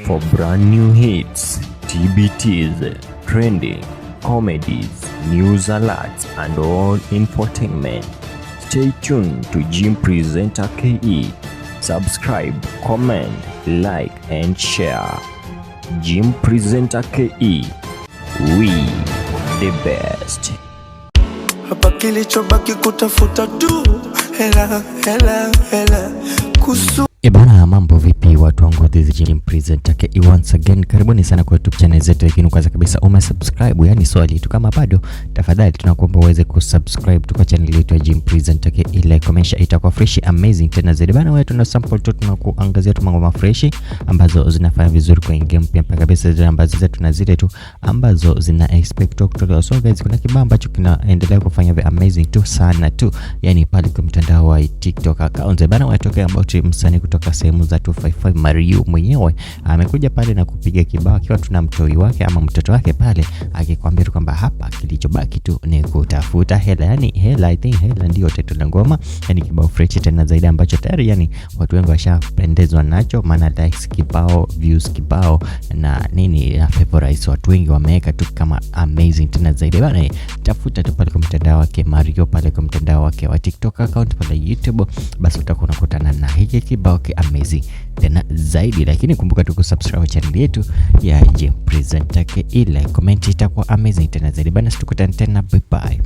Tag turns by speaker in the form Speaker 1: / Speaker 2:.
Speaker 1: For brand new hits, TBTs, trending, comedies, news alerts, and all infotainment, stay tuned to Jim Presenter KE. Subscribe, comment, like, and share. Jim Presenter KE. We the best. Hapa kilichobaki kutafuta tu
Speaker 2: hela hela hela kusu. Ebana, eh, mambo vi watu wangu, this is Jim presenter KE once again, karibuni sana kwa YouTube channel zetu, lakini kwanza kabisa umesubscribe, yani swali tu kama bado, tafadhali tunakuomba uweze kusubscribe tu kwa channel yetu ya Jim presenter KE, ile komesha itakuwa fresh amazing tena zaidi bana. Wewe tuna sample tu, tunakuangazia tu mambo ma fresh ambazo zinafanya vizuri kwa game pia mpaka kabisa zile ambazo zetu na zile tu ambazo zina expect kutolewa. So guys, kuna kibao ambacho kinaendelea kufanya the amazing tu sana tu, yani pale kwa mtandao wa TikTok account bana, wewe tokea ambao msanii kutoka sehemu za 255 ambaye Marioo mwenyewe amekuja pale na kupiga kibao akiwa tuna mtoi wake ama mtoto wake pale, akikwambia tu kwamba hapa kilichobaki tu ni kutafuta hela. Yani hela, I think hela ndio title la ngoma, yani kibao fresh tena zaidi ambacho tayari yani watu wengi washapendezwa nacho, maana likes kibao, views kibao na nini na favorites, watu wengi wameweka tu kama amazing tena zaidi bana. Tafuta tu pale kwa mtandao wake Marioo, pale kwa mtandao wake wa TikTok account, pale YouTube, basi utakuwa unakutana na hiki kibao ki amazing tena zaidi, lakini kumbuka tu kusubscribe channel yetu ya Jim Presenter ke, ile comment itakuwa amazing tena zaidi bana. Tukutane tena, bye bye.